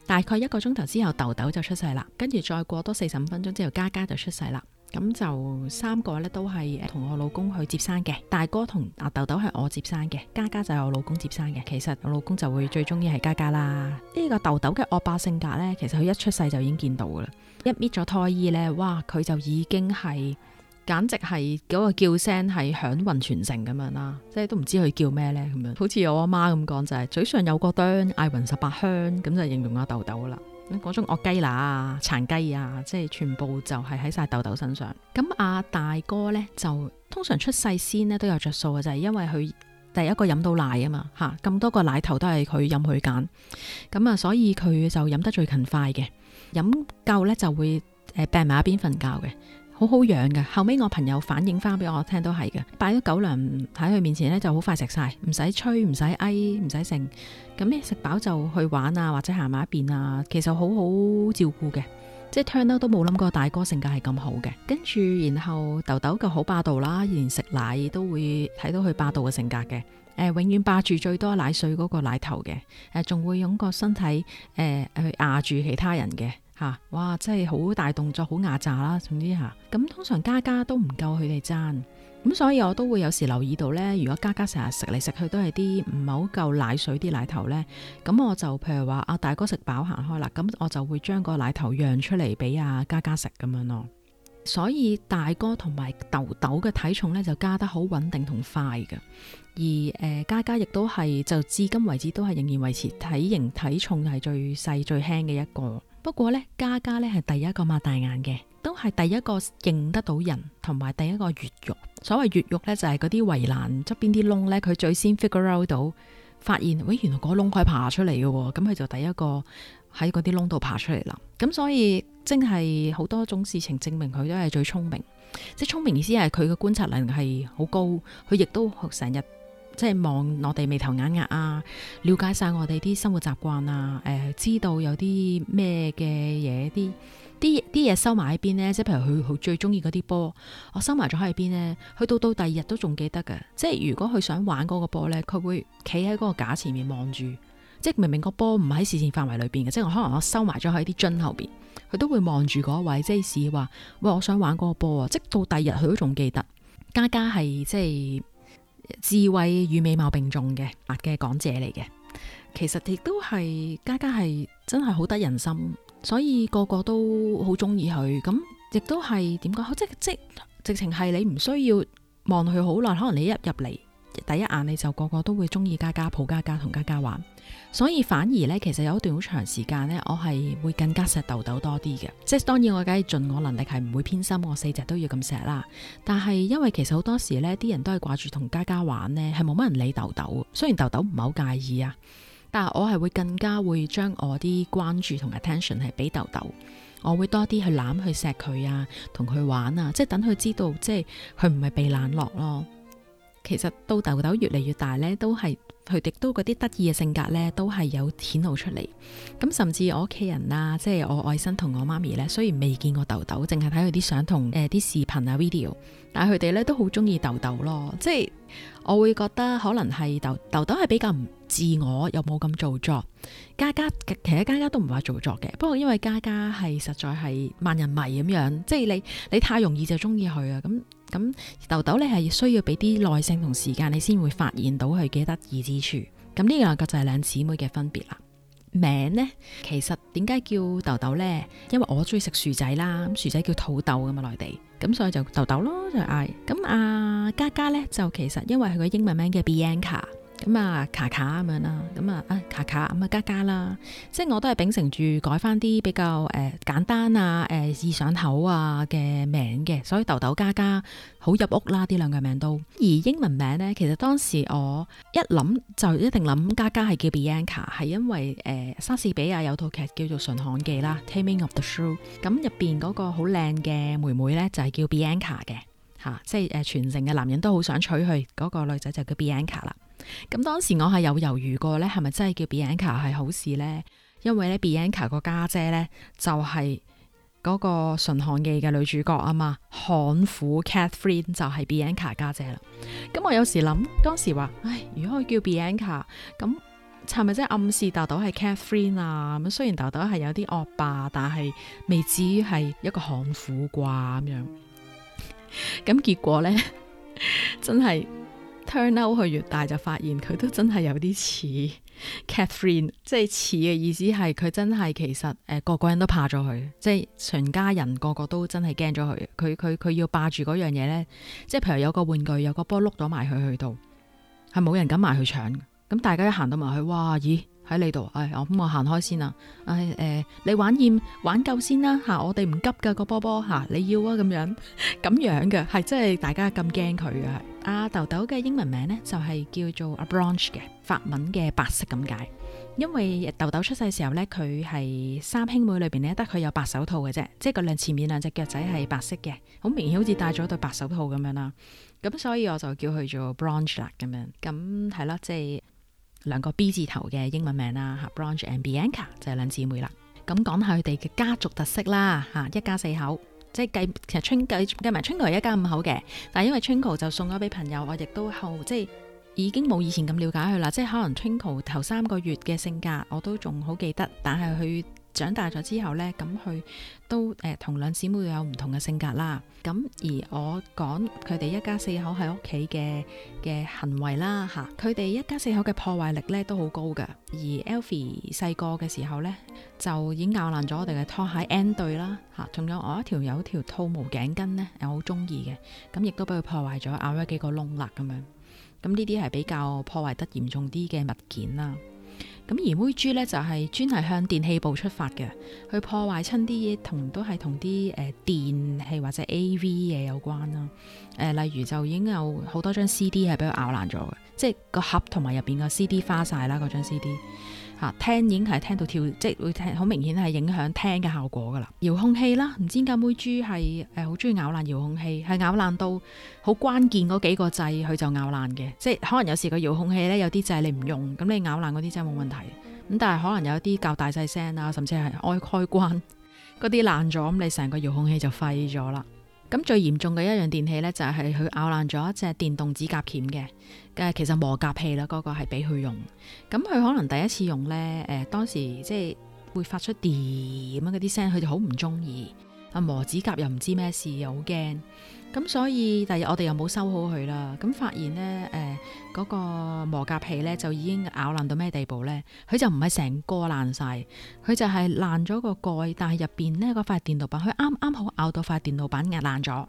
大概一個鐘頭之後豆豆就出世啦，跟住再過多四十五分鐘之後嘉嘉就出世啦，咁就三個呢都係同我老公去接生嘅，大哥同啊豆豆係我接生嘅，嘉嘉就係我老公接生嘅，其實我老公就會最鍾意係嘉嘉啦，呢、這個豆豆嘅惡霸性格呢，其實佢一出世就已經見到噶啦，一搣咗胎衣呢，哇佢就已經係～簡直係嗰個叫聲係響雲全城咁樣啦，即係都唔知佢叫咩呢。咁樣，好似我阿媽咁講就係、是，嘴上有個墩，嗌雲十八香咁就形容阿豆豆啦。嗰種惡雞乸、殘雞啊，即係全部就係喺晒豆豆身上。咁阿大哥呢，就通常出世先呢都有着數嘅，就係、是、因為佢第一個飲到奶啊嘛，吓、啊、咁多個奶頭都係佢任佢揀，咁啊所以佢就飲得最勤快嘅，飲夠呢，就會誒病埋一邊瞓覺嘅。好好養㗎，後尾我朋友反映翻俾我聽都係嘅，擺咗狗糧喺佢面前呢，就好快食晒，唔使吹，唔使嗌，唔使剩。咁咧食飽就去玩啊，或者行埋一邊啊，其實好好照顧嘅，即係聽都冇諗過大哥性格係咁好嘅。跟住然後豆豆就好霸道啦，連食奶都會睇到佢霸道嘅性格嘅，誒、呃、永遠霸住最多奶水嗰個奶頭嘅，誒、呃、仲會用個身體誒、呃、去壓住其他人嘅。吓、啊、哇，真係好大動作，好壓榨啦。總之吓咁、啊，通常家家都唔夠佢哋爭咁，所以我都會有時留意到呢：如果家家成日食嚟，食去都係啲唔係好夠奶水啲奶頭呢，咁我就譬如話阿、啊、大哥食飽行開啦，咁我就會將個奶頭讓出嚟俾阿家家食咁樣咯。所以大哥同埋豆豆嘅體重呢，就加得好穩定同快嘅，而誒家家亦都係就至今為止都係仍然維持體型體重係最細最輕嘅一個。不過呢，家家呢係第一個擘大眼嘅，都係第一個認得到人，同埋第一個越獄。所謂越獄呢，就係嗰啲圍欄，側邊啲窿呢，佢最先 figure out 到，發現喂、哎，原來嗰個窿可以爬出嚟嘅，咁佢就第一個喺嗰啲窿度爬出嚟啦。咁所以真係好多種事情證明佢都係最聰明。即係聰明意思係佢嘅觀察能力係好高，佢亦都成日。即係望我哋眉頭眼額啊，了解晒我哋啲生活習慣啊，誒、呃、知道有啲咩嘅嘢，啲啲啲嘢收埋喺邊呢？即係譬如佢佢最中意嗰啲波，我收埋咗喺邊呢？去到到第二日都仲記得嘅。即係如果佢想玩嗰個波呢，佢會企喺嗰個架前面望住。即係明明個波唔喺視線範圍裏邊嘅，即係我可能我收埋咗喺啲樽後邊，佢都會望住嗰位，即係試話喂，我想玩嗰個波啊！即到第二日佢都仲記得。嘉嘉係即係。智慧與美貌並重嘅啊嘅港姐嚟嘅，其實亦都係嘉嘉係真係好得人心，所以個個都好中意佢。咁亦都係點講？即即直情係你唔需要望佢好耐，可能你一入嚟第一眼你就個個都會中意嘉嘉、抱嘉嘉同嘉嘉玩。所以反而咧，其實有一段好長時間咧，我係會更加錫豆豆多啲嘅。即係當然，我梗係盡我能力係唔會偏心，我四隻都要咁錫啦。但係因為其實好多時咧，啲人都係掛住同家家玩呢，係冇乜人理豆豆。雖然豆豆唔係好介意啊，但係我係會更加會將我啲關注同 attention 係俾豆豆。我會多啲去攬去錫佢啊，同佢玩啊，即係等佢知道，即係佢唔係被冷落咯。其實到豆豆越嚟越大咧，都係。佢哋都嗰啲得意嘅性格咧，都係有顯露出嚟。咁甚至我屋企人啦，即係我外甥同我媽咪咧，雖然未見過豆豆，淨係睇佢啲相同誒啲視頻啊 video，但係佢哋咧都好中意豆豆咯。即係我會覺得可能係豆豆豆係比較唔自我，又冇咁做作。家家其實家家都唔話做作嘅，不過因為家家係實在係萬人迷咁樣，即係你你太容易就中意佢啊咁。咁、嗯、豆豆你係需要俾啲耐性同時間，你先會發現到佢嘅得意之處。咁呢兩個就係兩姊妹嘅分別啦。名呢，其實點解叫豆豆呢？因為我中意食薯仔啦，薯仔叫土豆咁嘛，內地咁，所以就豆豆咯，就嗌。咁啊，嘉嘉呢，就其實因為佢個英文名叫 Bianca。咁啊、嗯，卡卡咁樣啦，咁啊啊卡卡咁啊，嘉、嗯、嘉啦，即係我都係秉承住改翻啲比較誒、呃、簡單啊誒易上口啊嘅名嘅，所以豆豆嘉嘉好入屋啦。呢兩個名都而英文名咧，其實當時我一諗就一定諗嘉嘉係叫 Bianca，係因為誒莎、呃、士比亞有套劇叫做《馴悍記》啦，《Taming of the Shrew》，咁入邊嗰個好靚嘅妹妹咧就係、是、叫 Bianca 嘅嚇、啊，即係誒、呃、全城嘅男人都好想娶佢嗰、那個女仔就叫 Bianca 啦。咁當時我係有猶豫過咧，係咪真係叫 Bianca 係好事咧？因為咧 Bianca 個家姐咧就係嗰個馴悍記嘅女主角啊嘛，悍婦 Catherine 就係 Bianca 家姐啦。咁我有時諗，當時話，唉，如果佢叫 Bianca，咁係咪真係暗示豆豆係 Catherine 啊？咁雖然豆豆係有啲惡霸，但係未至於係一個悍婦啩咁樣。咁結果咧， [LAUGHS] 真係。Turn out 佢越大就發現佢都真係有啲似 Catherine，即係似嘅意思係佢真係其實誒個、呃、個人都怕咗佢，即係全家人個個都真係驚咗佢，佢佢佢要霸住嗰樣嘢呢，即係譬如有個玩具有個波碌咗埋佢去度，係冇人敢埋去搶，咁大家一行到埋去，哇，咦？喺呢度，我咁我行開、哎呃、先啦，哎，誒，你玩厭玩夠先啦，吓，我哋唔急噶，個波波，吓、啊，你要啊，咁樣咁樣嘅，係真係大家咁驚佢啊。阿豆豆嘅英文名呢，就係、是、叫做 Blanche 嘅，法文嘅白色咁解。因為豆豆出世時候呢，佢係三兄妹裏邊呢，得佢有，有白手套嘅啫，即係個兩前面兩隻腳仔係白色嘅，明顯好明顯好似戴咗對白手套咁樣啦。咁所以我就叫佢做 Blanche 啦，咁樣，咁係啦，即係。兩個 B 字頭嘅英文名啦嚇，b r a n z e and Bianca 就係兩姊妹啦。咁講下佢哋嘅家族特色啦嚇，一家四口，即係計其實 c h i 計埋 Chingo 係一家五口嘅，但係因為 Chingo 就送咗俾朋友，我亦都後即係已經冇以前咁了解佢啦。即係可能 Chingo 頭三個月嘅性格我都仲好記得，但係佢。長大咗之後呢，咁佢都誒同、呃、兩姊妹有唔同嘅性格啦。咁而我講佢哋一家四口喺屋企嘅嘅行為啦，嚇佢哋一家四口嘅破壞力呢都好高噶。而 Alfie 細個嘅時候呢，就已經咬爛咗我哋嘅拖鞋 N 對啦，嚇仲有我一條有條兔毛頸巾呢，我好中意嘅，咁亦都俾佢破壞咗，咬咗幾個窿啦咁樣。咁呢啲係比較破壞得嚴重啲嘅物件啦。咁而妹豬咧就係專係向電器部出發嘅，去破壞親啲嘢，同都係同啲誒電器或者 AV 嘢有關啦、啊。誒、呃，例如就已經有好多張 CD 係俾佢咬爛咗嘅，即係個盒同埋入邊個 CD 花晒啦，嗰張 CD。啊聽已經係聽到跳，即係會聽好明顯係影響聽嘅效果噶啦。遙控器啦，唔知點解妹豬係誒好中意咬爛遙控器，係咬爛到好關鍵嗰幾個掣，佢就咬爛嘅。即係可能有時個遙控器咧有啲掣你唔用，咁你咬爛嗰啲真係冇問題。咁但係可能有啲較大細聲啊，甚至係開開關嗰啲爛咗，咁你成個遙控器就廢咗啦。咁最嚴重嘅一樣電器咧就係、是、佢咬爛咗一隻電動指甲鉗嘅。誒其實磨甲器啦，嗰、那個係俾佢用，咁佢可能第一次用咧，誒、呃、當時即係會發出電咁嗰啲聲，佢就好唔中意。啊磨指甲又唔知咩事，又好驚。咁所以第二日我哋又冇收好佢啦，咁發現咧誒嗰個磨甲器咧就已經咬爛到咩地步咧？佢就唔係成個爛晒，佢就係爛咗個蓋，但係入邊咧嗰塊電腦板，佢啱啱好咬到塊電腦板壓爛咗。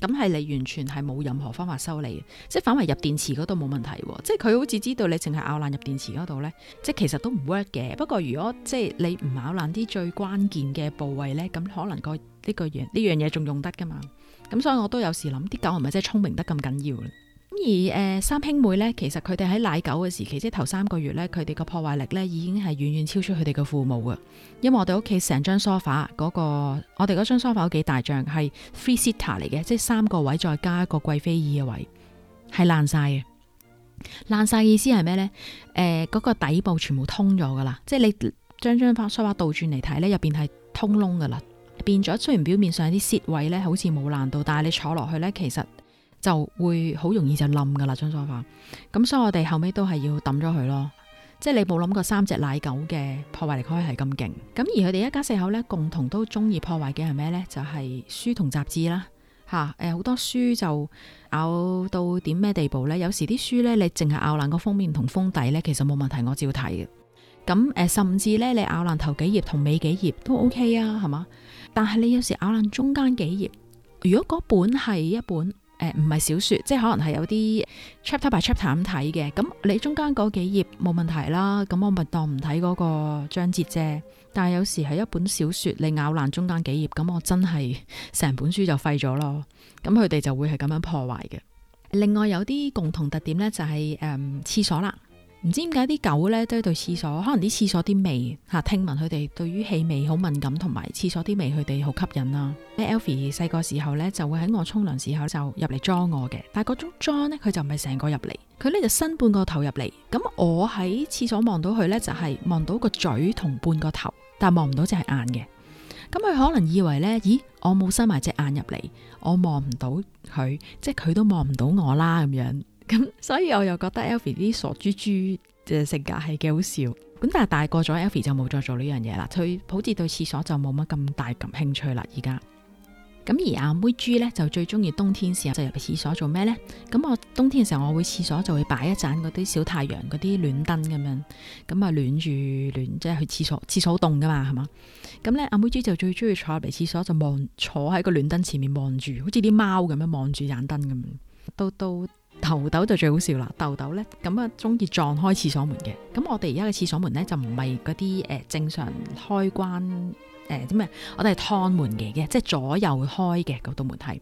咁係你完全係冇任何方法修理，即係反為入電池嗰度冇問題，即係佢好似知道你淨係咬爛入電池嗰度呢，即係其實都唔 work 嘅。不過如果即係你唔咬爛啲最關鍵嘅部位呢，咁可能、個呢、個樣呢樣嘢仲用得噶嘛。咁所以我都有時諗，啲狗係咪真係聰明得咁緊要？而誒、呃、三兄妹咧，其實佢哋喺奶狗嘅時期，即係頭三個月咧，佢哋個破壞力咧已經係遠遠超出佢哋嘅父母啊！因為我哋屋企成張梳化，嗰個，我哋嗰張梳化都幾大，張係 three seater 嚟嘅，即係三個位再加一個貴妃椅嘅位，係爛晒嘅。爛晒意思係咩咧？誒、呃、嗰個底部全部通咗噶啦，即係你將張梳化倒轉嚟睇咧，入邊係通窿噶啦，變咗雖然表面上啲蝕位咧好似冇爛到，但係你坐落去咧，其實就會好容易就冧噶啦張梳化，咁所以我哋後尾都係要抌咗佢咯。即係你冇諗過三隻奶狗嘅破壞力可以係咁勁。咁而佢哋一家四口咧共同都中意破壞嘅係咩呢？就係、是、書同雜誌啦，吓、啊，誒、呃、好多書就咬到點咩地步呢？有時啲書呢，你淨係咬爛個封面同封底呢，其實冇問題，我照睇嘅。咁誒、呃、甚至呢，你咬爛頭幾頁同尾幾頁都 OK 啊，係嘛？但係你有時咬爛中間幾頁，如果嗰本係一本。誒，唔係、呃、小說，即係可能係有啲 chapter by chapter 咁睇嘅。咁你中間嗰幾頁冇問題啦，咁我咪當唔睇嗰個章節啫。但係有時係一本小說，你咬爛中間幾頁，咁我真係成本書就廢咗咯。咁佢哋就會係咁樣破壞嘅。另外有啲共同特點咧就係誒廁所啦。唔知點解啲狗呢都對廁所，可能啲廁所啲味嚇，聽聞佢哋對於氣味好敏感，同埋廁所啲味佢哋好吸引啦。咩 Alfie 細個時候呢就會喺我沖涼時候就入嚟裝我嘅，但係嗰種裝呢佢就唔係成個入嚟，佢呢就伸半個頭入嚟。咁、嗯、我喺廁所望到佢呢，就係、是、望到個嘴同半個頭，但望唔到隻眼嘅。咁、嗯、佢、嗯、可能以為呢，咦，我冇伸埋隻眼入嚟，我望唔到佢，即係佢都望唔到我啦咁樣。咁所以我又覺得 Alfie 啲傻豬豬嘅性格係幾好笑。咁但係大個咗，Alfie 就冇再做呢樣嘢啦。佢好似對廁所就冇乜咁大感興趣啦。而家咁而阿妹豬咧就最中意冬天時候就入廁所做咩呢？咁我冬天嘅時候我會廁所就會擺一盞嗰啲小太陽嗰啲暖燈咁樣，咁啊暖住暖即係、就是、去廁所，廁所好凍噶嘛，係嘛？咁咧阿妹豬就最中意坐入嚟廁所就望坐喺個暖燈前面望住，好似啲貓咁樣望住盞燈咁樣，都都。痘痘就最好笑啦，痘痘呢，咁啊中意撞開廁所門嘅。咁我哋而家嘅廁所門呢，就唔係嗰啲誒正常開關誒咩、呃，我哋係趟門嚟嘅，即係左右開嘅嗰道門係。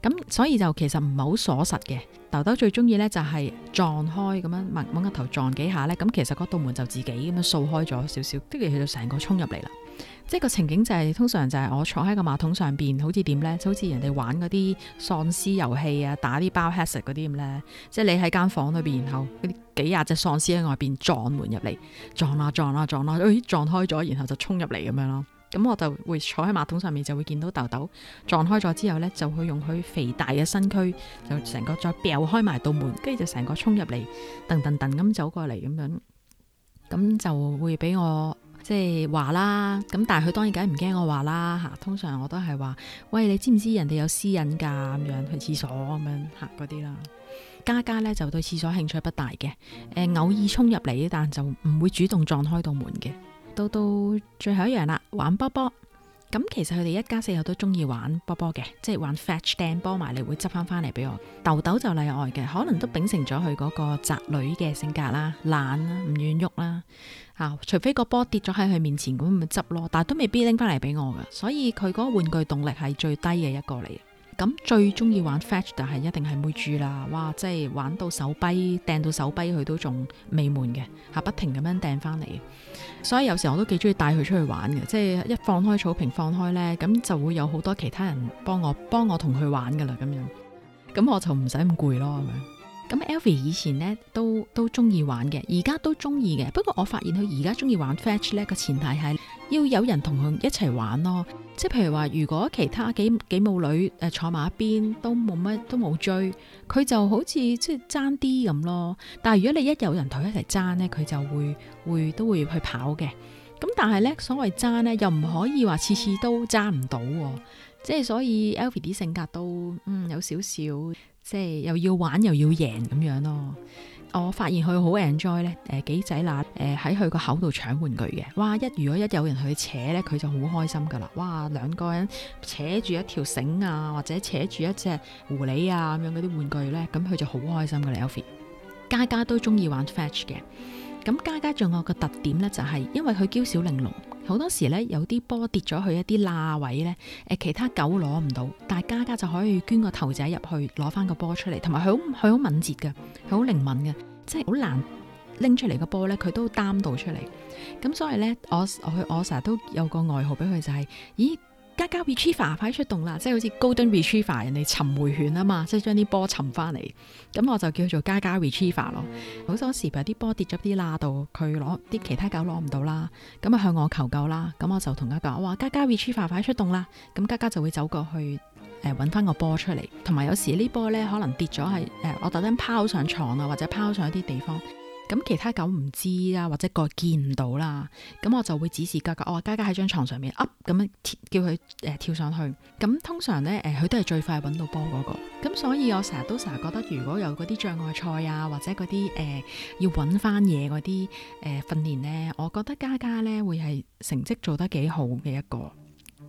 咁所以就其實唔係好鎖實嘅。痘痘最中意呢，就係、是、撞開咁樣，猛一頭撞幾下呢。咁其實嗰道門就自己咁樣掃開咗少少，跟住佢就成個沖入嚟啦。即係個情景就係、是、通常就係我坐喺個馬桶上邊，好似點呢？就好似人哋玩嗰啲喪屍遊戲啊，打啲 Bio Hazard 嗰啲咁呢。即係你喺間房間裏邊，然後嗰啲幾廿隻喪屍喺外邊撞門入嚟，撞啦、啊、撞啦、啊、撞啦、啊啊哎，撞開咗，然後就衝入嚟咁樣咯。咁我就會坐喺馬桶上面，就會見到豆豆撞開咗之後呢，就會用佢肥大嘅身軀，就成個再飆開埋道門，跟住就成個衝入嚟，噔噔噔咁走過嚟咁樣，咁就會俾我。即係話啦，咁但係佢當然梗係唔驚我話啦嚇、啊。通常我都係話：喂，你知唔知人哋有私隱㗎咁樣去廁所咁樣嚇嗰啲啦？嘉嘉呢就對廁所興趣不大嘅、呃，偶爾衝入嚟，但就唔會主動撞開道門嘅。到到最後一樣啦，玩波波。咁其實佢哋一家四口都中意玩波波嘅，即係玩 fetch 掟波埋嚟，會執翻翻嚟俾我。豆豆就例外嘅，可能都秉承咗佢嗰個宅女嘅性格啦，懶啦，唔願喐啦。啊，除非個波跌咗喺佢面前咁，咪執咯。但係都未必拎翻嚟俾我噶，所以佢嗰個玩具動力係最低嘅一個嚟。咁最中意玩 fetch，但係一定係妹豬啦！哇，即係玩到手跛，掟到手跛，佢都仲未悶嘅吓，不停咁樣掟翻嚟。所以有時我都幾中意帶佢出去玩嘅，即係一放開草坪，放開呢，咁就會有好多其他人幫我幫我同佢玩噶啦，咁樣，咁我就唔使咁攰咯，咁樣、mm。Hmm. 咁 Alfie 以前咧都都中意玩嘅，而家都中意嘅。不過我發現佢而家中意玩 fetch 咧，個前提係要有人同佢一齊玩咯。即係譬如話，如果其他幾幾母女誒坐埋一邊，都冇乜都冇追，佢就好似即係爭啲咁咯。但係如果你一有人同佢一齊爭咧，佢就會會都會去跑嘅。咁但係咧，所謂爭咧，又唔可以話次次都爭唔到喎。即係所以 Alfie 啲性格都嗯有少少。即係又要玩又要贏咁樣咯，我發現佢好 enjoy 咧，誒、呃、幾仔辣誒喺佢個口度搶玩具嘅，哇一如果一有人去扯咧，佢就好開心噶啦，哇兩個人扯住一條繩啊，或者扯住一隻狐狸啊咁樣嗰啲玩具咧，咁佢就好開心噶啦 Alfie 家家都中意玩 fetch 嘅，咁家家仲有個特點咧，就係、是、因為佢嬌小玲瓏。好多時咧，有啲波跌咗去一啲罅位咧，誒其他狗攞唔到，但家家就可以捐個頭仔入去攞翻個波出嚟，同埋佢好佢好敏捷㗎，佢好靈敏㗎，即係好難拎出嚟個波咧，佢都擔到出嚟。咁所以咧，我我我成日都有個外號俾佢就係、是，咦？加加 retriever 快出動啦，即係好似 golden retriever 人哋尋回犬啊嘛，即係將啲波尋翻嚟。咁我就叫做加加 retriever 咯。好多時有啲波跌咗啲罅度，佢攞啲其他狗攞唔到啦，咁啊向我求救啦。咁我就同佢講：，話，加加 retriever 快出動啦！咁加加就會走過去誒，搵翻個波出嚟。同埋有，有時呢波咧可能跌咗係誒，我特登拋上床啊，或者拋上一啲地方。咁其他狗唔知啦，或者個見唔到啦，咁我就會指示家家：「哦，家家喺張床上面 up 咁樣叫佢誒、呃、跳上去。咁通常咧誒佢都係最快揾到波嗰、嗰個。咁、呃、所以我成日都成日覺得，如果有嗰啲障礙賽啊，或者嗰啲誒要揾翻嘢嗰啲誒訓練咧，我覺得家家咧會係成績做得幾好嘅一個。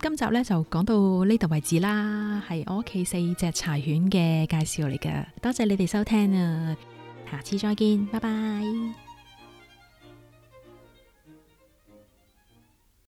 今集咧就講到呢度位置啦，係我屋企四隻柴犬嘅介紹嚟噶，多謝你哋收聽啊！下次再見，拜拜。